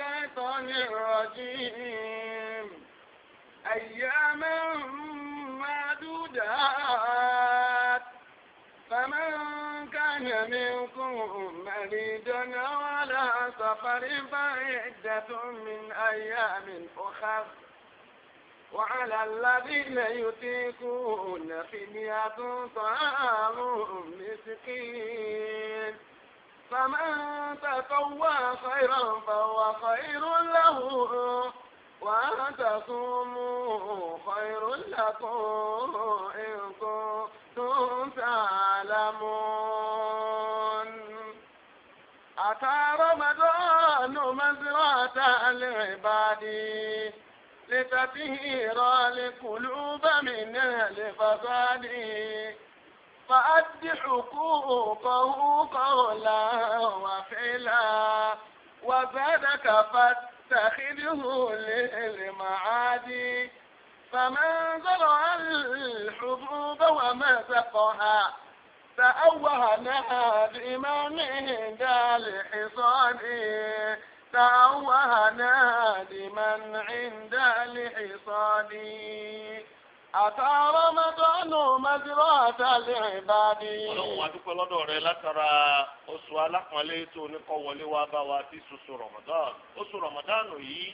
الشيطان الرجيم أياما معدودات فمن كان منكم مريضا أو على سفر فعدة من أيام أخر وعلى الذين يطيقون فدية طعام مسكين فمن تقوى خيرا فهو خير له وأن تصوموا خير لكم إن كنتم تعلمون أتى رمضان مزرعة لعبادي لتطهير القلوب من فساد فأدحوا فوقه قولا وفعلا وزادك فاتخذه للمعادي فمن زرع الحبوب ومزقها تأوه نادما عند حصانه تأوه نادما عند لحصانه Àtàrà mẹ́tọ́nù mẹ́tìrọ́ àtàlẹ́ ìbádi. Ọlọ́run wa dúpẹ́ lọ́dọ̀ rẹ látara oṣù alápọ̀nlé tó oníkọ́ wọlé wá bá wa tí oṣù Ramadan. Oṣù Ramadan yìí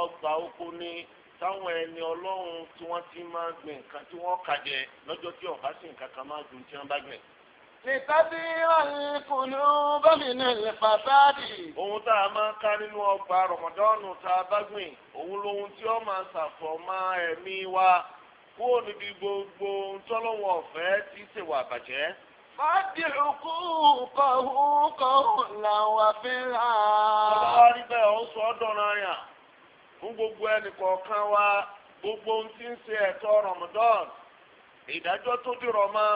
ọgbà oko ni táwọn ẹni ọlọ́run tí wọ́n ti máa gbìn nǹkan tí wọ́n kà jẹ lọ́jọ́ tí ọ̀bá sì nǹkan kan máa dùn tí wọ́n bá gbìn. Tìtàbí ọ̀lẹ́kùnú gómìnà ìfàsáàdì. Ohun tá a máa ká nínú ọgbà Ramadan tá a bá gbìn, òun lohun tí ó máa ṣàfọ̀ máa ẹ̀mí wa kúrò níbi gbogbo ntọ́lọ́wọ́ ọ̀fẹ́ tí ń ṣèwà àbàjẹ́. Fáàdì òkú kọ̀ọ̀hún kọ̀ọ̀hún làwọn àfihàn. Ọlọ́wọ́ rí bẹ́ẹ̀ ó sọ ọ́ dọ̀nà àyà fún gbogbo ẹnì kọ̀ọ̀kan wa gbogbo ohun tí ń ṣe ẹ̀tọ́ Ramadan ìdájọ́ tó dìrọ̀ mọ́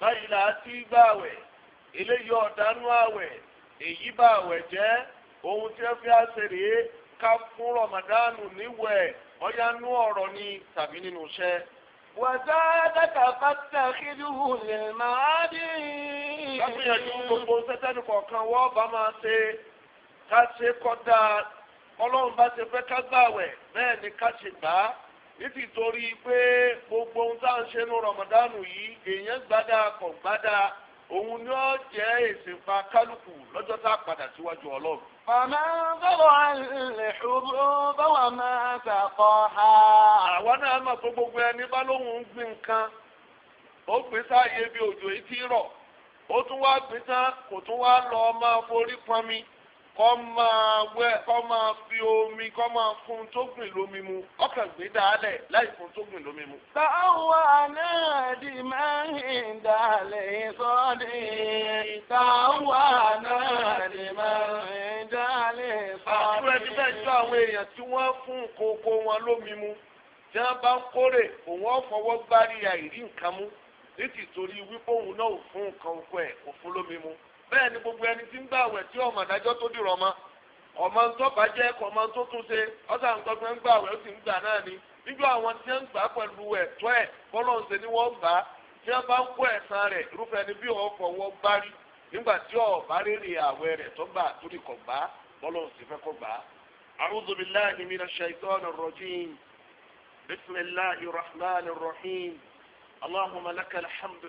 báyìí là á ti gbààwẹ̀ eléyìí ọ̀dánú àwẹ̀ èyí bá àwẹ̀ jẹ́ ohun tí wọ́n fi á rèé ká fún rọmọdánù níwẹ̀ ọ̀yá nú ọ̀rọ̀ ni tàbí nínú iṣẹ́. wàdáàdàkà pátá kíndùhù lè máa dì í. lágbìyànjú gbogbo sẹ́tẹ́nì kọ̀ọ̀kan wọ́n bá máa ṣe ká ṣe kọ́dà ọlọ́run bá ṣe fẹ́ ká gbàwẹ̀ bẹ́ẹ̀ ni ká ṣe gbà á nítì torí pé gbogbo ohun tá à ń ṣe ní rọmọdánù yìí èèyàn gbádà kọ̀ gbádà. òun ni ó jẹ́ ìsìnpa kálukú lọ́jọ́ tá a padà síwájú ọlọ́run. Màmá báwo lè ṣubú báwo máa ṣàkọ́ ha. Àwa náà mọ̀ pé gbogbo ẹni bá lóun ń gbin nǹkan. Ó gbé sáàyè bí òjò yìí rọ̀. Ó tún wá gbé tán kò tún wá lọ máa forí pọnmi. kọ́ máa wẹ́ kọ́ máa fi omi kọ́ máa fún tó lómi mu ọkàn gbé dálẹ̀ láì fún tó lómi mu. táwa náà di máa ń dalẹ̀ sọ́ni táwa náà di máa ń dalẹ̀ sọ́ni. àbúrò ẹni bẹ́ẹ̀ jọ àwọn èèyàn tí wọ́n fún koko wọn lómi mu tí wọ́n bá ń kórè òun ó gbárí àìrí nǹkan mú nítìtorí wípé òun náà ò fún nǹkan oko ẹ̀ òfun lómi mu. bẹ́ẹ̀ ni gbogbo ẹni tí ń gbà wẹ̀ tí ọmọ àdájọ́ tó dìrọ̀ ọmọ ọmọ ń tọ́ba jẹ́ ọmọ tó tún ṣe ọ̀sà ń gbọ́gbẹ́ ń gbà wẹ̀ ó sì ń gbà náà ni níjọ́ àwọn tí wọ́n ń gbà pẹ̀lú ẹ̀tọ́ ẹ̀ bọ́lọ̀ ń ṣe ni wọ́n gbà tí wọ́n bá ń kó ẹ̀san rẹ̀ irúfẹ́ ni bí ọkọ̀ wọ́n bá rí nígbà tí rírì àwẹ̀ rẹ̀ rahmanir rahim. hamdu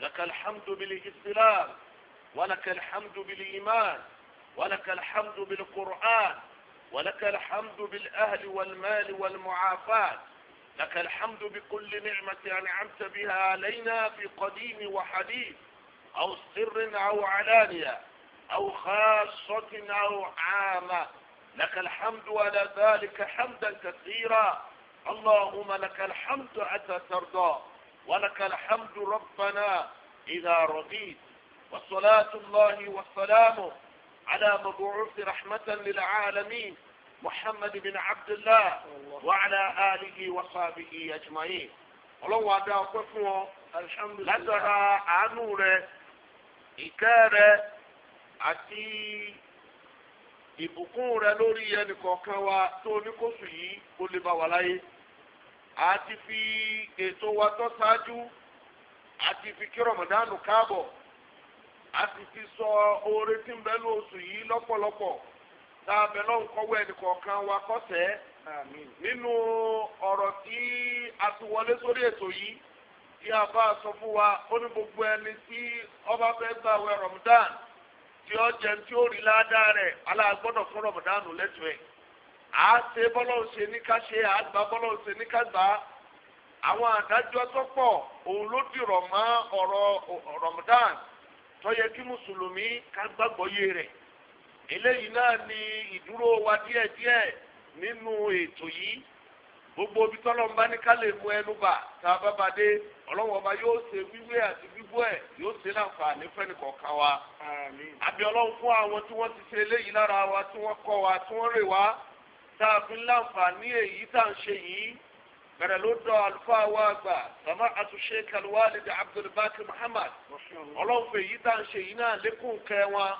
لك الحمد بالإسلام ولك الحمد بالإيمان ولك الحمد بالقرآن ولك الحمد بالأهل والمال والمعافاة لك الحمد بكل نعمة أنعمت بها علينا في قديم وحديث أو سر أو علانية أو خاصة أو عامة لك الحمد على ذلك حمدا كثيرا اللهم لك الحمد أتى ترضى ولك الحمد ربنا إذا رضيت وصلاة الله والسلام على مبعوث رحمة للعالمين محمد بن عبد الله وعلى آله وصحبه أجمعين ọlọ́wọ́ adá الحمد لله ọ látara àánú rẹ ìkẹ́ rẹ àti ìbùkún rẹ lórí ẹnìkọ̀ọ̀kan àti fi ètò wa tó ṣáájú àti fi kí rọmọdánù káàbọ̀ àti fi sọ oore tí ń bẹ ní oṣù yìí lọ́pọ̀lọpọ̀ tá a bẹ lọ́hùn kọ́wọ́ ẹnìkọ̀ọ̀kan wa kọ́sẹ̀ nínú tí ti wọlé sórí ètò yìí tí a bá sọ fún wa ó ní gbogbo ẹni tí ọba fẹ́ gbà wẹ̀ rọmọdánù tí ó jẹun tí ó rí ládàá fún rọmọdánù à á ṣe bọ́lọ́ ṣe ní ká ṣe à á gbà bọ́lọ́ ṣe ní ká gbà àwọn àdájọ́ tó pọ̀ òun ló dìrọ̀ mọ́ ọ̀rọ̀ Ramadan tó yẹ kí mùsùlùmí ká gbàgbọ́ yé rẹ̀ eléyìí náà ni ìdúró wa díẹ̀díẹ̀ nínú ètò yìí gbogbo ibi tọ́lọ̀ ń bá ní ká lè mú ẹnu bà tá a bá ba dé ọlọ́wọ́ ọba yóò ṣe wíwé àti gbígbó ẹ̀ yóò ṣe láǹfààní fẹ́ni kọ̀ọ̀kan wa. àbí ọlọ́run fún àwọn tí wọ́n ti ṣe eléyìí lára wa tí wọ́n kọ́ wa tí wọ́n rè wá tá a fi ń láǹfààní èyí tá à ń ṣe yìí bẹ̀rẹ̀ ló dọ̀ àlùfáà wa àgbà sàmà àtúnṣe kàlùwálìdì abdulbaki muhammad ọlọ́run fè yí tá à ń ṣe yìí náà lékún kẹ́ wọn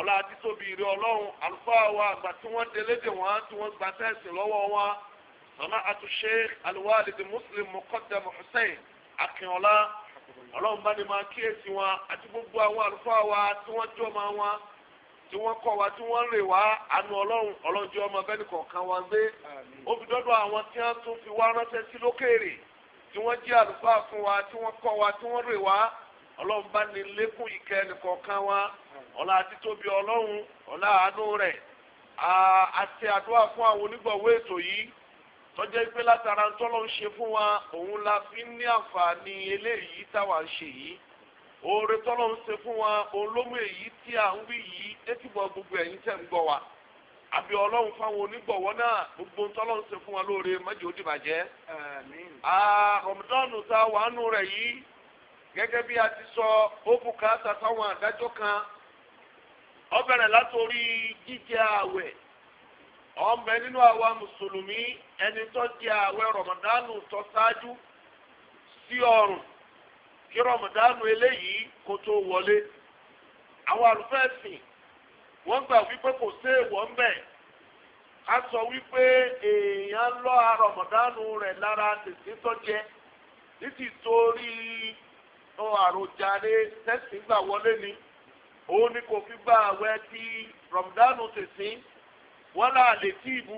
ọlá àtitóbi ìrẹ ọlọ́run àlùfáà wa àgbà tí wọ́n délédè wọn tí wọ́n gbà tẹ́sí lọ́wọ́ wọn sàmà àtúnṣe kàlùwálìdì muslim muqaddam hussein akínọlá ọlọ́run bá ní máa kíyèsí wọn àti gbogbo àwọn àlùfáà wa tí wọ́n jọ́ máa wọn tí wọ́n kọ́ wa tí wọ́n rè wá àánú ọlọ́run ọlọ́jọ́ ọmọ bẹ́ẹ̀ nìkọ̀ọ̀kan wa gbé ó fi dọ́dọ̀ àwọn tí wọ́n tún fi wá ránṣẹ́ sí lókèèrè tí wọ́n jí àlùfáà fún wa tí wọ́n kọ́ wa tí wọ́n rè wá ọlọ́run bá ní lékún ìkẹ́ nìkọ̀ọ̀kan wa ọlá àti tóbi ọlá àánú rẹ̀ àti àdúrà fún àwọn onígbọ̀wé ètò yìí tọ́jẹ́ pé látara ń tọ́lọ́ ń ṣe fún wa òun la fi ń ní àǹfààní eléyìí táwa ń ṣe yìí oore tọ́lọ̀ ń ṣe fún wa olómù èyí tí à ń wí yìí gbogbo ẹ̀yin tẹ̀ wa àbí ọlọ́run fáwọn onígbọ̀wọ́ gbogbo tọ́lọ̀ ń fún wa lóore mọ́jì ó dìbàjẹ́. rọ̀mùdánù tá a rẹ̀ yìí gẹ́gẹ́ bí a ti sọ ó bùkátà sáwọn àdájọ́ kan ó bẹ̀rẹ̀ látòrí jíjẹ ààwẹ̀ ọ̀nbẹ nínú àwa mùsùlùmí ẹni tó jẹ ààwẹ̀ rọ̀mùdánù tó kí rọmọdánù eléyìí kó tó wọlé àwọn àlùfẹ́ sìn wọ́n gbà wípé kò sí ń bẹ̀ a sọ wípé èèyàn lọ àrọ̀mọ̀dánù rẹ̀ lára tètè tó jẹ nítìtorí àròjàre tẹ̀sìn gbà wọlé ni òun ni kò fi gba àwẹ̀ tí rọ̀mọ̀dánù tètè wọ́n là lè tí ìbú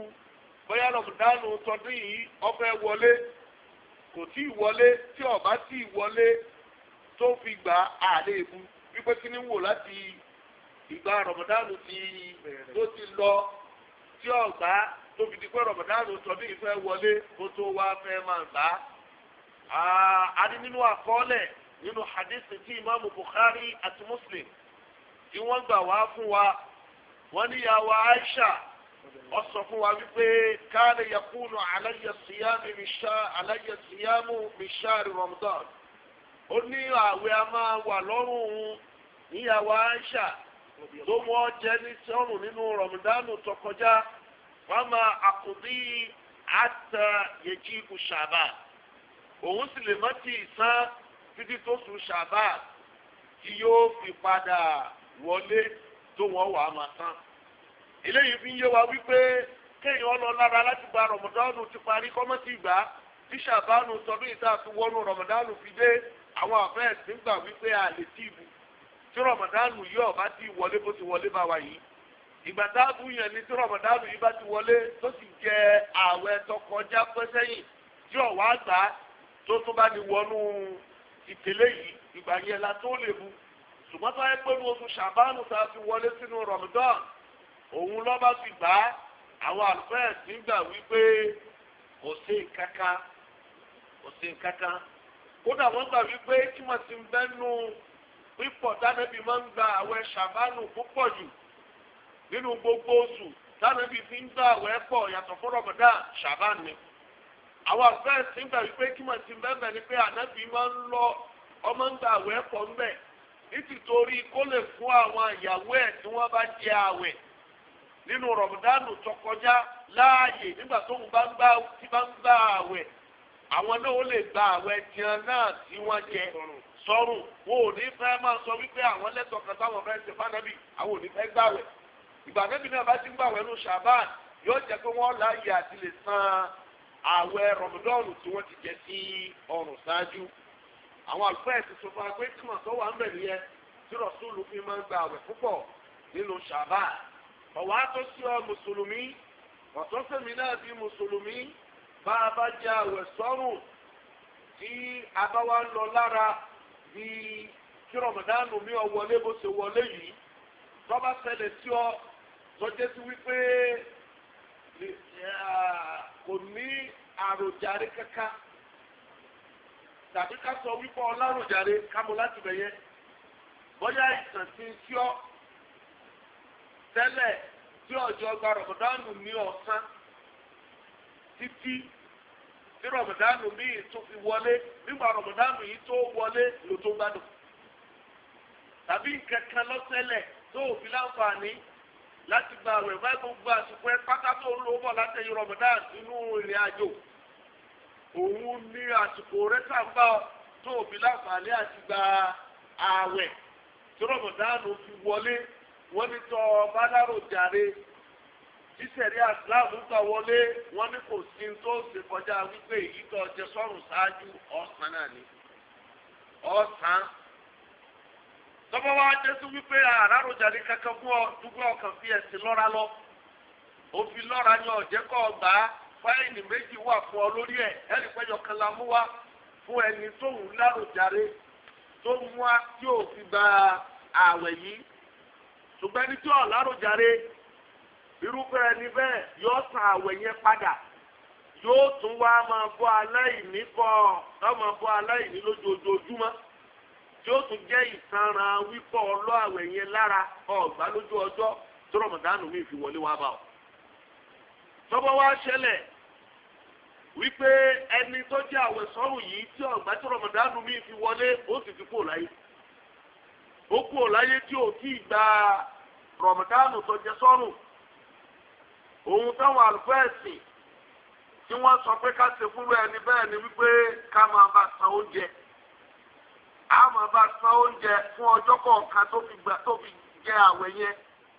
bóyá rọ̀mọ̀dánù tọdún yìí ọ̀fẹ́ wọlé kò tí ì wọlé tí ó tí ì wọlé tó fi gbà àlè mu wípé kí ni wò láti ìgbà rọmọdánù ti tó ti lọ tí ọgbà tó fi di pé rọmọdánù tọdún ìfẹ́ wọlé kó tó wá fẹ́ máa gbà á a ní nínú àkọọ́lẹ̀ nínú hadith tí imaamu Bukhari àti Muslim tí wọ́n gbà wá fún wa wọ́n níyàwó Aisha ó sọ fún wa wípé káàdì yakunu aláyẹ síyámù mi ṣáàrì ó ní àwẹ̀ a máa wà lọ́rùn òun níyàwó Aisha tó mú ọ jẹ ní sọ́rùn nínú rọ̀mùdánù tó kọjá wọ́n máa àkùdí àtà yẹjí ikú ṣàbà òun sì lè mọ́tì ìsán títí tó sùn ṣàbà tí yóò fi padà wọlé tó wọ́n wà á máa tán. eléyìí fi ń yé wa wípé kéèyàn lọ lára láti gba rọ̀mùdánù ti parí kọ́mọ́tì ìgbà tí ṣàbánu tọdún ìta àti wọnú rọ̀mùdánù fi dé àwọn àfẹ́ẹ̀sì gbà wípé a lè tí ìbù tí rọmọdánù yóò bá ti wọlé bó ti wọlé bá wa yìí ìgbà tá a bùn yẹn ni tí rọmọdánù yìí bá ti wọlé tó sì jẹ ààwẹ̀ tó kọjá pẹ́ sẹ́yìn tí ọ̀wá àgbà tó tó bá ní wọnú ìtẹ̀lé yìí ìgbà yẹn la tó lè bu ṣùgbọ́n tó yẹ pé ní oṣù ṣàbánu tá a fi wọlé sínú rọmọdán òun lọ́ bá ti gbà á àwọn àlùfẹ́ẹ̀sì gbà wípé kò sí nǹkankan kò sí nǹkankan kódà wọ́n gbà wípé kímọ̀ sí ń bẹ́nu pípọ̀ tánàbí máa ń gba àwẹ̀ ṣàbánù púpọ̀ jù nínú gbogbo oṣù fi ń gba àwẹ̀ pọ̀ yàtọ̀ fún rọ̀mọ̀dá ṣàbánù àwọn àfẹ́ sí ń gbà wípé kímọ̀ sí ń bẹ́ẹ̀ ni pé máa ń lọ ọmọ ń gba àwẹ̀ pọ̀ ń bẹ̀ nítorí kó lè fún àwọn ẹ̀ tí wọ́n bá jẹ àwẹ̀ nínú àwọn náà ó lè gba àwọn ẹtìyàn náà tí wọ́n jẹ sọ́rùn wọn ò ní fẹ́ máa sọ wípé àwọn lẹ́tọ̀ọ́ kan táwọn fẹ́ ṣe fánàbì àwọn ò ní fẹ́ gbàwẹ̀ ìgbà nẹ́bí náà bá ti ń gbàwẹ̀ ní ṣàbán yóò jẹ́ pé wọ́n láàyè àti lè san àwẹ̀ rọ̀mùdọ́ọ̀nù tí wọ́n ti jẹ sí ọrùn ṣáájú àwọn àlùfáà ẹ̀sìn sọ fún wa pé tí màtọ́ wà ń bẹ̀ nìyẹn tí rọ̀ṣúlù fi máa ń gba àwẹ̀ púpọ̀ nínú ṣàbán ọ̀wá tó sí ọ mùsùlùmí ọ̀tọ́sẹ̀mí náà bí mùsùlùmí bá a bá jẹ àwẹ̀ sọ́rùn tí a bá wá lọ lára bí kí rọ̀mọ̀dánù mi ò wọlé bó ṣe wọlé yìí tọ́ba ṣẹlẹ̀ sí ọ tọ́jẹ́ sí wípé kò ní àròjàre kankan tàbí ká sọ wípé ọláròjàre kámo láti bẹ̀yẹ bóyá ti ń gba rọ̀mọ̀dánù mi títí tí rọmọdánù míì tó fi wọlé nígbà rọmọdánù yìí tó wọlé ló tó gbádùn tàbí nǹkan kan lọ́sẹ̀lẹ̀ tó fi láǹfààní láti gba àwẹ̀ báyìí gbogbo àsìkò ẹ pátá tó ń lò bọ̀ látẹ̀yìn rọmọdánù inú ìrìn àjò òun ní àsìkò rẹ sàǹbà tó fi láǹfààní àti gba àwẹ̀ tí rọmọdánù fi wọlé wọ́n ní tọ́ bádàrò jàre. ìṣẹ̀rí àsìláàmù gbà wọlé wọn ní kò sí tó ṣe kọjá wípé èyí tó jẹ sọ́run ṣáájú ọ̀sán náà ni ọ̀sán tọ́pọ̀ wá jẹ́ kankan fún ọkàn fi ẹ̀sìn lọ́ra lọ òfin lọ́ra ni ọ̀jẹ́ kọ́ méjì wà fún ọ lórí irúfẹ́ ẹni bẹ́ẹ̀ yóò san àwẹ̀ yẹn padà yóò tún wá máa bọ́ aláìní bọ́ ọ máa bọ́ aláìní lójoojúmọ́ yóò tún jẹ́ ìsanràn wípọ̀ ọlọ́ àwẹ̀ yẹn lára ọ̀gbá lójú ọjọ́ mi fi wọlé wá bá ọ. wá ṣẹlẹ̀ wípé ẹni tó jẹ́ àwẹ̀ sọ́rùn yìí tí ọ̀gbá tó mi fi wọlé ó sì ti kúrò láyé ó kúrò láyé tí ò tí ì gba tó jẹ sọ́rùn ohun táwọn àlùfáà ẹ̀sìn tí wọ́n sọ pé ká ṣe fúru ẹni bẹ́ẹ̀ ni wípé ká máa bá san oúnjẹ á máa bá san oúnjẹ fún ọjọ́ kọ̀ọ̀kan tó fi gbà tó fi jẹ àwẹ̀ yẹn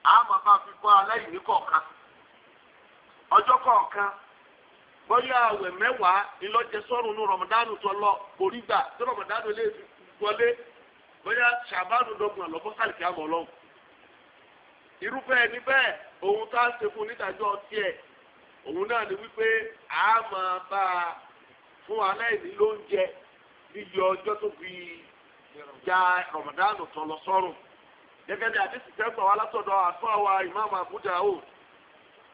á máa bá fi bọ́ aláìní kọ̀ọ̀kan ọjọ́ kọ̀ọ̀kan bóyá àwẹ̀ mẹ́wàá ńlọ́jẹ sọ́run ní tó lọ gbà tí lè wọlé irúfẹ́ ẹni bẹ́ẹ̀ ohun tá a ṣe fún onídàájọ́ tiẹ̀ òun náà ni wípé a máa bá a fún aláìní lóúnjẹ níbi ọjọ́ tó fi ja Ramadan tán lọ sọ́run gẹ́gẹ́ bí àdìsí tẹ́gbà wa látọ̀dọ̀ àtọ́ àwa ìmáàmù Abu Daud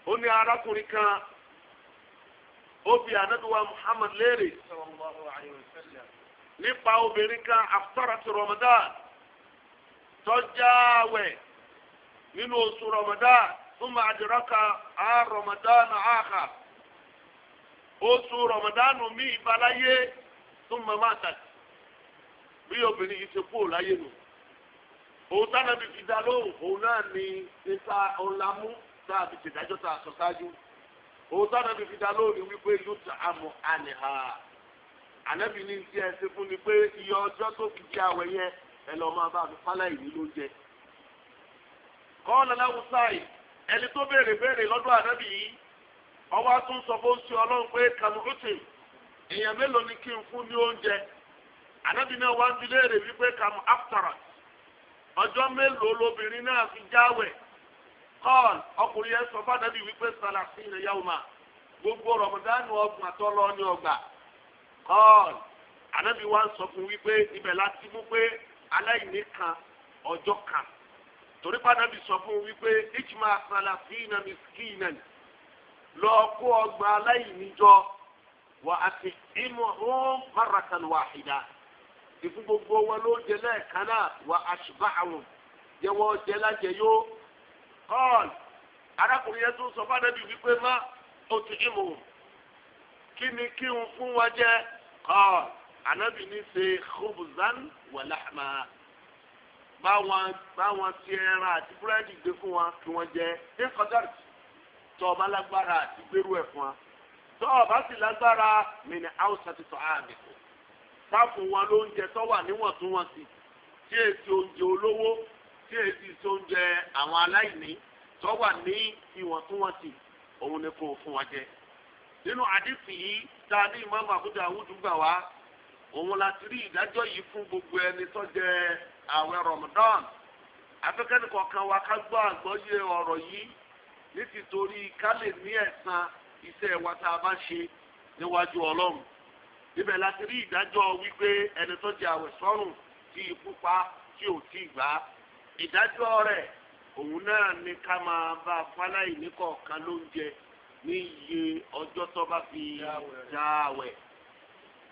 ó ní arákùnrin kan ó bi Muhammad léèrè nípa obìnrin kan Ramadan tọ́jà nínú oṣù Ramadan thumma adraka á Ramadan àhà oṣù Ramadan mi ìbaláyé thumma matat bí obìnrin yìí ṣe kú láyé nù òun táwọn ẹbí fi dá lóhùn òun náà ni níta ọ̀làmú tá a fi ṣèdájọ́ tá a sọ ṣáájú òun táwọn ẹbí fi dá lóhùn ni wípé yóò àmọ́ àníhà ànábì ní ti ẹ ṣe fún ni pé iye ọjọ́ tó fi jẹ àwẹ̀ ẹ lọ́ọ́ máa bá mi fáláì ní ló jẹ kọl láwùsáì ẹni tó béèrè béèrè lọ́dọ̀ ànábì yìí ọwọ́ tún sọ fún sí ọlọ́run pé kàmùrútì èèyàn mélòó ni kí n fún ní oúnjẹ ànábì náà wá ń bi léèrè wípé kàmù áftàrà ọjọ́ mélòó lobìnrin náà fi jáwẹ̀ kọ́ọ̀l ọkùnrin yẹn sọ fún wípé sàlàsì rẹ̀ gbogbo rọ̀mọdánù ọgbọ̀n àtọ́lọ́ ọgbà wá ń sọ fún wípé ibẹ̀ láti mú pé aláìní torí pàdánù sọ fún wípé ìjìmá sàlàfínà mìskínà lọ kó ọgbà aláìníjọ wà á ti ìmọ̀ hàn maratan wàhídà ìfún gbogbo wọn ló jẹ lẹ́ẹ̀kan náà wà á ṣùgbọ́n àwọn jẹ́wọ́ jẹ lájẹ yó kọ́ọ̀lù arákùnrin yẹn tó sọ fádẹ́bí wípé má o ti ìmọ̀ kí ni kí n fún wa jẹ kọ́ọ̀lù ànábì ní ṣe khubzan wà láhàmà báwọn báwọn ti ẹran àti búrẹ́dì gbé fún wa kí wọ́n jẹ ní kọ́tọ́rì tó ọba lágbára àti gbérú ẹ̀ fún wa tó ọba sì lágbára mìíràn áwùsà ti tọ́ àmì kù sáfù wọn lóúnjẹ tó wà níwọ̀ntúnwọ̀nsì tí èsì oúnjẹ olówó tí èsì oúnjẹ àwọn aláìní tó wà ní ìwọ̀ntúnwọ̀nsì òun ni kò fún wa jẹ nínú àdìsí yìí tá a ní ìmọ̀ àmọ̀ àkójọ àwùjọ gbà wá òun la ti rí ìdájọ́ yìí fún gbogbo ẹni tó jẹ́ àwẹ̀ Ramadan afẹ́kẹ́ni kọ̀ọ̀kan wa ká gbọ́ àgbọ́yé ọ̀rọ̀ yìí ní ti torí ká lè ní ẹ̀san iṣẹ́ wa tá a bá ṣe níwájú Ọlọ́run ibẹ̀ láti rí ìdájọ́ wípé ẹni tó jẹ àwẹ̀ sọ́rùn tí ikú pa tí ò tí gbà á ìdájọ́ rẹ̀ òun náà ni ká máa bá fáláì ní kọ̀ọ̀kan lóúnjẹ ní iye ọjọ́ tó bá fi já àwẹ̀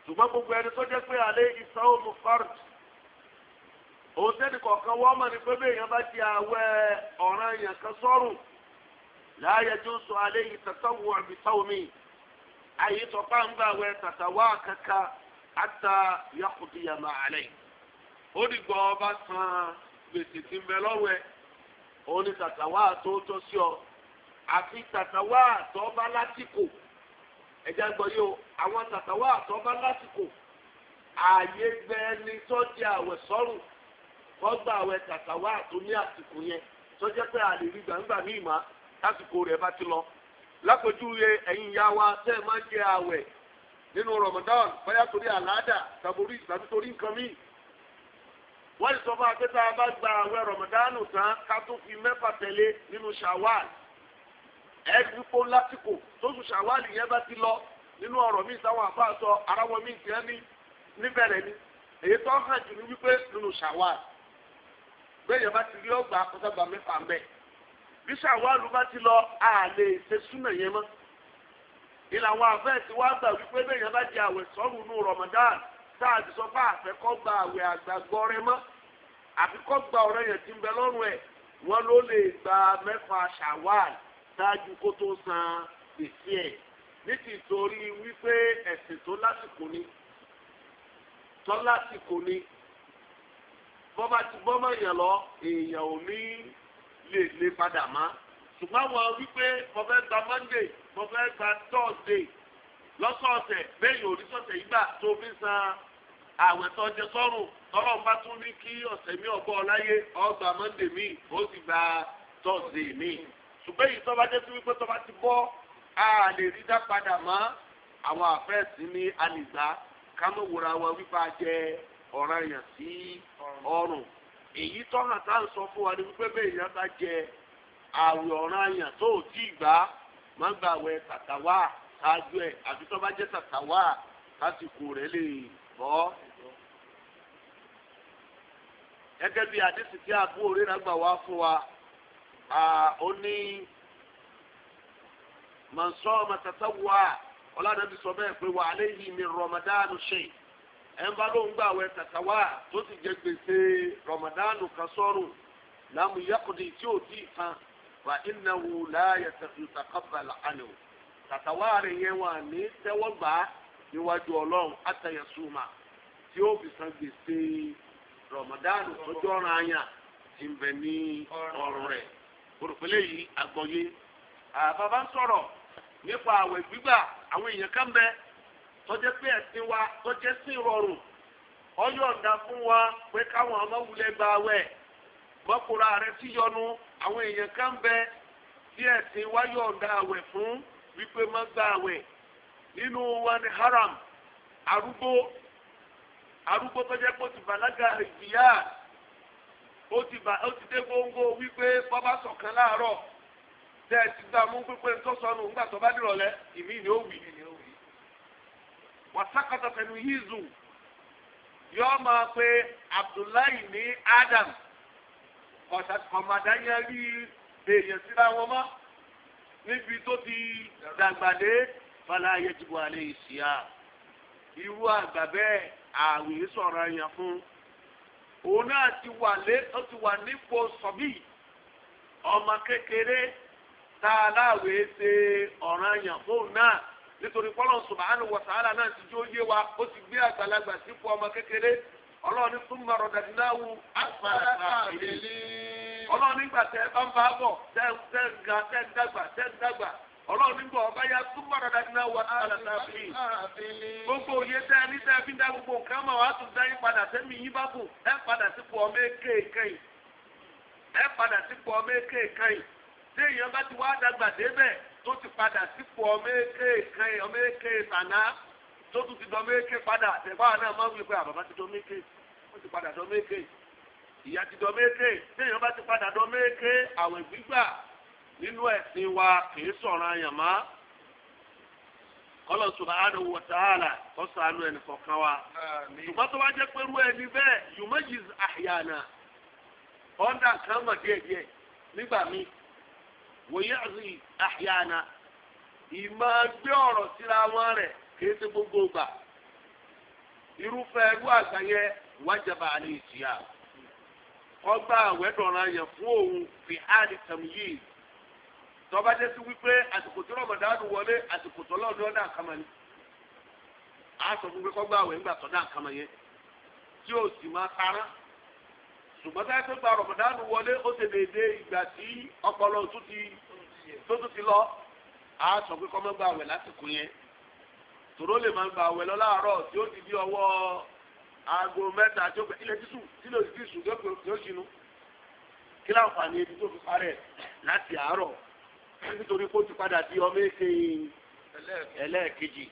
ṣùgbọ́n gbogbo ẹni tó jẹ́ pé alẹ́ ìsáwó mu o tẹ́lẹ̀ kọ̀ọ̀kan wọ́n mọ̀ ní pé bí èèyàn bá ti àwẹ̀ ọ̀ràn èèyàn kan sọ́rùn láàyè tó sọ alẹ́ yìí tàtàwọ̀ àbí táwọn àyè tó bá ń gbà wẹ̀ tàtàwọ̀ àtà ọba san gbèsè tí ń bẹ ni tatawa tó sí ọ àfi tàtàwọ̀ bá lásìkò gbọ́ yìí o àwọn tàtàwọ̀ tó bá lásìkò kọ́gbà àwẹ̀ tàtàwá àtò ní àsìkò yẹn tó jẹ́ pé àlè rí gbàǹgbà míì má lásìkò rẹ̀ bá ti lọ. lápèjúwe ẹ̀yin ìyá wa tẹ́ ẹ máa ń jẹ àwẹ̀ nínú Ramadan bóyá torí àlàádà tàbórí tàbí torí nǹkan míì. wọ́n ti sọ fún akẹ́tà bá gba àwẹ̀ Ramadan tán ká tó fi mẹ́fà tẹ̀lé nínú Shawwal. ẹ dúpọ̀ lásìkò tó sùn Shawwal yẹn bá ti lọ nínú ọ̀rọ̀ míì sáwọn àbá àtọ aráwọ̀ míì tiẹ́ ní níbẹ̀rẹ̀ ni èyí tó hàn jù ní wípé nínú Shawwal bẹ́ẹ̀ bá ti rí ọgbà akọ́sàgbà mẹ́fà mẹ́ bí sàwálù bá ti lọ àlè ṣe súnà yẹn mọ́ ìlà àwọn àfẹ́ẹ̀sì wá gbà wípé bẹ́ẹ̀ bá di àwẹ̀ sọ́run ní Ramadan sáà ti sọ pé àfẹ́kọ́ gba àwẹ̀ àgbàgbọ́ rẹ mọ́ àfikọ́ gba ọ̀rẹ́ yẹn ti ń bẹ lọ́rùn ẹ̀ wọ́n ló lè gba mẹ́fà sàwál ṣáájú kó tó san gbèsè ẹ̀ nítìtorí wípé ẹ̀sìn tó lásìkò ni tó lásìkò ni bọ́ba ti bọ́mọ èèyàn lọ èèyàn ò ní lè lè padà mọ́ ṣùgbọ́n àwọn wípé mo fẹ́ gba monday mo fẹ́ gba thursday lọ́sọ̀ọ̀sẹ̀ bẹ́ẹ̀ òní sọ̀sẹ̀ yìí gbà tó fi san àwẹ̀ tó jẹ sọ́rùn tọ́lọ̀ bá tún ní kí ọ̀sẹ̀ mi ọ̀bọ̀ ọ̀láyé ó gba monday mi ó sì gba thursday mi ṣùgbọ́n èyí tọ́ba jẹ́ sí wípé tọ́ba ti bọ́ a lè rí dá padà mọ́ àwọn àfẹ́sí ní alìgbá ká mọ̀ wípé a jẹ́ ọ̀ràn yàn sí ọrùn èyí tó hàn tá n sọ fún wa ni wípé bẹ́ẹ̀ yẹn bá jẹ àwẹ̀ ọ̀ràn yàn tó ò tí ì gba àwẹ̀ tàtàwá ẹ̀ àbí tó bá jẹ́ tàtàwá lásìkò rẹ̀ lè bọ́. gẹ́gẹ́ bí àdéhùn tí àbú òrìrà gbà wá fún wa ó ní mọ̀nsọ́ mọ̀tàtàwá ẹnba ló ń gbà wẹ tàtàwá tó ti jẹ gbèsè rọmọdánù kan sọrùn láàmú yakudi tí ò tí ì tán wà ìnáwó láàyè tàkàbàlà ànú tàtàwá rẹ yẹn wà ní tẹwọgbà níwájú Ọlọ́run àtàyẹsùmà tí ó fi san gbèsè rọmọdánù tọjọ ọràn àyà ti ń ní ọrùn rẹ òrùpẹlẹ yìí àgbọyé àbàbá ń sọ̀rọ̀ nípa àwẹ̀ gbígbà àwọn èèyàn kan tọ́jẹ́ pé ẹ̀sìn wa tọ́jẹ́ sí ìrọ̀rùn ọyọ̀ǹda fún wa pé káwọn ọmọwulẹ̀ gba awẹ́ mọ́kùnrin ààrẹ sí àwọn èèyàn kan bẹ tí ẹ̀sìn wa yọ̀ǹda awẹ fún wípé má gba nínú wa ni haram arúgbó arúgbó tọ́jẹ́ pé ó ti bàlágà ti dé wípé bọ́bá sọ̀kan láàárọ̀ gbà mú pípé tó sọnù tó bá dìrọ̀lẹ́ ìmí ni ó wì Wasakata pẹ̀lú yízu yọọ máa pe abdullahi ní adam kọ̀mọ̀dáyà rí èèyàn síra wọn mọ́ níbi tó ti dàgbàdé fàlà ayẹjìbò àlẹ ìṣìyà irú àgbà bẹ́ẹ̀ àwìn sọ̀rọ̀ àyàn fún òun náà ti wà lé ó ti wà nípò sọ̀bí ọmọ kékeré tá a láwèé ṣe ọ̀ranyàn fóun náà. nítorí Ọlọ́hun subhanahu wa ta'ala náà ti jó yé wa ó ti gbé àgbàlagbà sí fún ọmọ kékeré ọlọ́run ní súnmọ́ rọ̀dàdínláwù asfala safilin ọlọ́run nígbà tẹ ẹ bá ń bá bọ̀ tẹ tẹ ga tẹ dàgbà tẹ dàgbà ọlọ́run nígbà ọba ya súnmọ́ rọ̀dàdínláwù asfala safilin gbogbo òye tẹ ẹ tẹ fi dá gbogbo nǹkan mọ̀ wá tún dáyé padà sẹ́mi yín bá bù ẹ padà sípò ọmọ tó ti padà sípò ọmọ èké kan ọmọ tàná tó tún ti dán ọmọ padà àtẹ̀fáà náà máa ń wí pé àbàbá ah, ti dán ọmọ ó ti padà ìyá ti dán ọmọ èké bá ti padà dán ọmọ àwẹ̀ gbígbà nínú ẹ̀sìn wa kìí sọ̀rọ̀ àyàn má kọlọ subhanahu wa wa wòyẹ́rì àyànà a gbé ọ̀rọ̀ síra wọn rẹ̀ kì í ṣe gbogbo gbà irúfẹ́ ẹrú àgbà yẹn wájàbà àlè ìjìyà ọgbà àwẹ̀dọ̀ra yẹn fún òun fi hàní tàmíyì tọ́ba jẹ́ sí wípé àsìkò tó ni a sọ fún pé ṣùgbọ́n táyà tó gba rọ̀mọ̀dánù wọlé ó ṣe déédé ìgbà tí ọpọlọ tó tún ti lọ á sọ pé kọ́ máa gba àwẹ̀ lásìkò yẹn tòró lè máa gba àwẹ̀ lọ láàárọ̀ tí ó ti di ọwọ́ aago mẹ́ta tí ó gbẹ ilẹ̀ títù tí lè ti sùn tí ó ṣinú kí láǹfààní ebi tó fi parẹ́ láti àárọ̀ nítorí kó ti padà di ọmọ èké ẹlẹ́ẹ̀kejì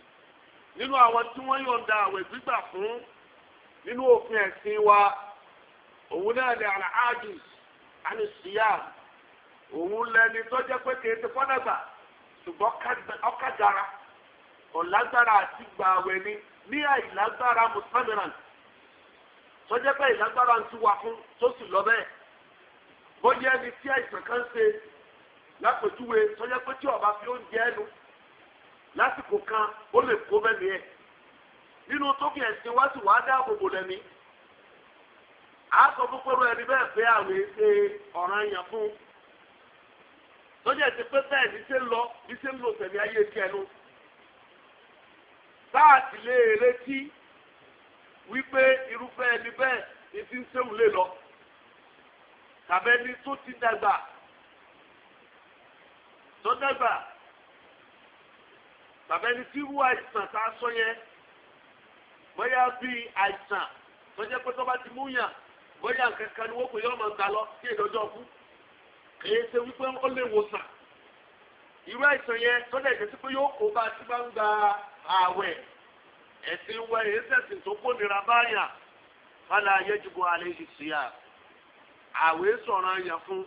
nínú àwọn tí wọ́n yọ̀ǹda àwẹ̀ gbígbà fún nínú òfin ẹ̀sìn wa. òun náà ni àlàájù àlùsíyà òun lẹni tó jẹ́ pé kì í ti fọ́nàgbà ṣùgbọ́n ọ̀kadàra ọ̀lágbára àti gbààwẹ̀ ni ní àìlágbára mùsàmìràn tó jẹ́ pé ìlágbára ń tiwa fún tó sì lọ bẹ́ẹ̀ bóyá ẹni tí àìsàn kan ṣe lápèjúwe tó jẹ́ pé tí ọba fi oúnjẹ ẹnu lásìkò kan ó lè kó bẹ́ẹ̀ ni nínú tó wá sí wàá àásọ kúkúrú ẹni bẹ́ẹ̀ pé àwọn èsè ọ̀ràn yẹn fún lọ́jọ́ ti pé bẹ́ẹ̀ ní ṣe ń lọ ní ṣe ń lò tẹ̀lé ayé kẹnu táàtì lè retí wípé irúfẹ́ ẹni bẹ́ẹ̀ ní ti ń ṣéwù lè lọ tàbẹ́ni tó ti dàgbà tó dàgbà tàbẹ́ni tí irú àìsàn tá a sọ yẹn bóyá bíi àìsàn tó jẹ́ pé tó bá ti mú yàn. bóyá kankan ni wọ́n pè yọ́ máa ń da lọ sí ìdọ́jọ́ kú èyí ṣe wípé ó lè wò sàn irú àìsàn yẹn tọ́lẹ̀ ìjẹ́ sí pé yóò kó bá a ti máa ń gba ààwẹ̀ ẹ̀sìn wẹ èyí sẹ̀sìn tó kó nira báyà fálà yẹjúgbọ alẹ́ yìí sí à àwẹ̀ sọ̀rọ̀ fún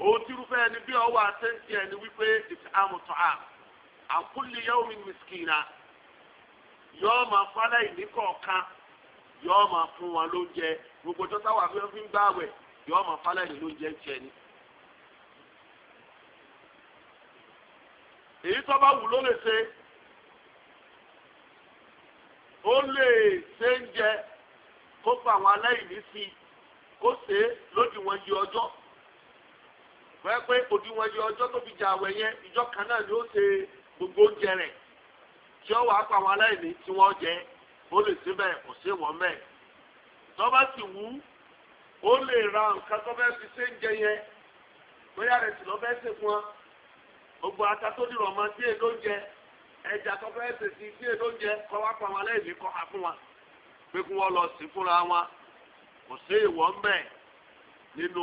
òun ẹni bí ọwọ́ ẹni wípé ìfẹ́ àmùtọ́ à àkúlẹ̀ yẹ́wò yọọ ma fún wọn lóúnjẹ gbogbo tó táwọn àbí wọn fi ń gbààwẹ̀ yọọ máa falẹ̀ ní lóúnjẹ ń tiẹ̀ ni. èyí tó bá wù ló lè ṣe ó lè ṣe ń jẹ kó pa àwọn aláìní sí i kó ṣe é lódiwọ̀n yí ọjọ́ wọ́n pé òdiwọ̀n yí ọjọ́ tó fi jà àwẹ̀ yẹn ìjọ kan náà ni ó ṣe gbogbo oúnjẹ rẹ̀ tí ó wàá pa àwọn aláìní tí wọ́n jẹ ó lè sí bẹ́ẹ̀ kò sí wọ́n bẹ́ẹ̀ tọ́ba sì wú ó lè ra nǹkan tó fẹ́ fi ṣe ń jẹ yẹn bóyá rẹ̀ sì lọ́ fẹ́ ṣe fún ọ gbogbo ata tó dìrọ̀ ọmọ tí èdò ń jẹ ẹja tó fẹ́ ṣe sí tí èdò ń jẹ kọ́ wá pa wọn lẹ́yìn kọ́ ha fún wa pé kí wọ́n lọ sí fúnra wọn kò sí ìwọ́ ń bẹ́ẹ̀ nínú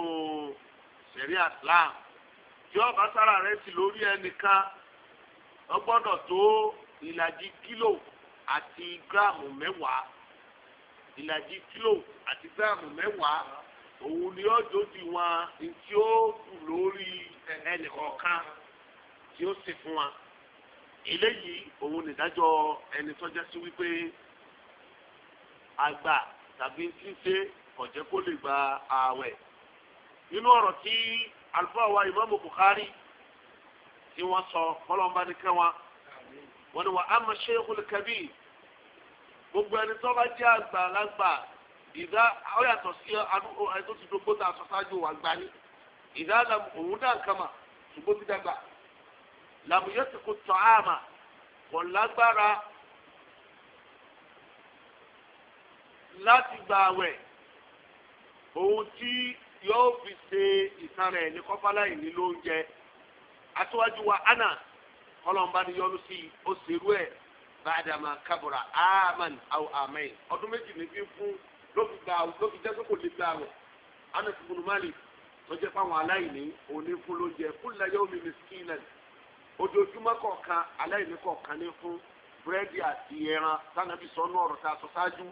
sẹ̀ríà Islam tí ọba rẹ̀ sì lórí ẹnìkan ó tó ìlàjì kílò àti gíráàmù mẹ́wàá ìlàjì kílò àti gíráàmù mẹ́wàá òun ni ó dojú wọn tí ó kù lórí ẹnìkọ̀ọ̀kan tí ó sì fún wa eléyìí òun nìdájọ́ ẹni tọ́já sí wípé àgbà tàbí ṣíṣe kọ̀jẹ́ kó lè gba ààwẹ̀ nínú ọ̀rọ̀ tí àlùfáà wa ìmáàmù Bukhari tí wọ́n sọ kọ́lọ́mbánikẹ́ wọn wọ́n ní wa ama sheikhul kabir gbogbo ẹni tó bá jẹ́ àgbàlagbà ìdá ó yàtọ̀ sí ẹni tó ti dogbo tá a sọ ṣáájú wà gbá ní ìdá òun náà kama ṣùgbọ́n ti dàgbà làmúyẹ́ ti kò tọ́ àmà kò lágbára láti gba àwẹ̀ òun tí yóò fi ṣe ìtàn rẹ̀ ní kọ́fálà ìní lóúnjẹ aṣíwájú wa Anas ọlọ́mbani yọ́nú sí i ó ṣerú ẹ̀ bàdàmà kábùrà aman aw amain ọdún méjì ní fi fún lóbi gba lóbi jẹ́ pé kò lè gba àwẹ̀ Anas ibn Malik tó jẹ́ fáwọn aláìní òní fún ló jẹ kulla yawmi miskinan ojoojúmọ́ kọ̀ọ̀kan aláìní kọ̀ọ̀kan ní fún búrẹ́dì àti ẹran sanabi sọnù ọ̀rọ̀ tá a sọ ṣáájú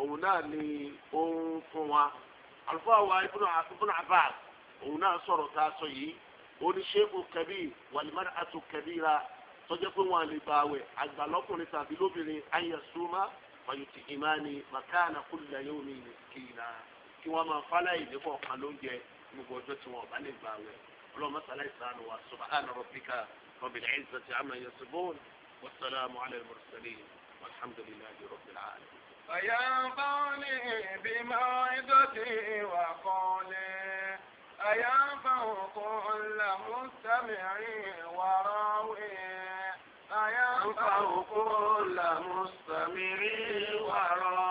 òun náà ni ó ń fún wa àlùfáà wa ibùdó Abbas òun náà sọ̀rọ̀ tá a sọ yìí oníṣègùn kabir wal mar'atu kabira tọ́jọ́ pé wọn lè gba àwẹ̀ àgbà lọ́kùnrin tàbí lóbìnrin ayẹ̀sùnmá wàyùtì ìmáàní màkàna kúlìlà yóò ní ilẹ̀ kìlá kí wọ́n máa fálá ìdí kọ̀ọ̀kan lóúnjẹ gbogbo ọjọ́ tí wọn bá lè gba àwẹ̀ ọlọ́mọ sàlẹ̀ ìsànù wa subahana rabbika rabbil izzati amma yasifun wasalaamu ala al-mursalin walhamdulillahi rabbil alamin. أينفعني بموعظتي وقولي أينفع كل مستمع وراوي أينفع كل مستمر ورا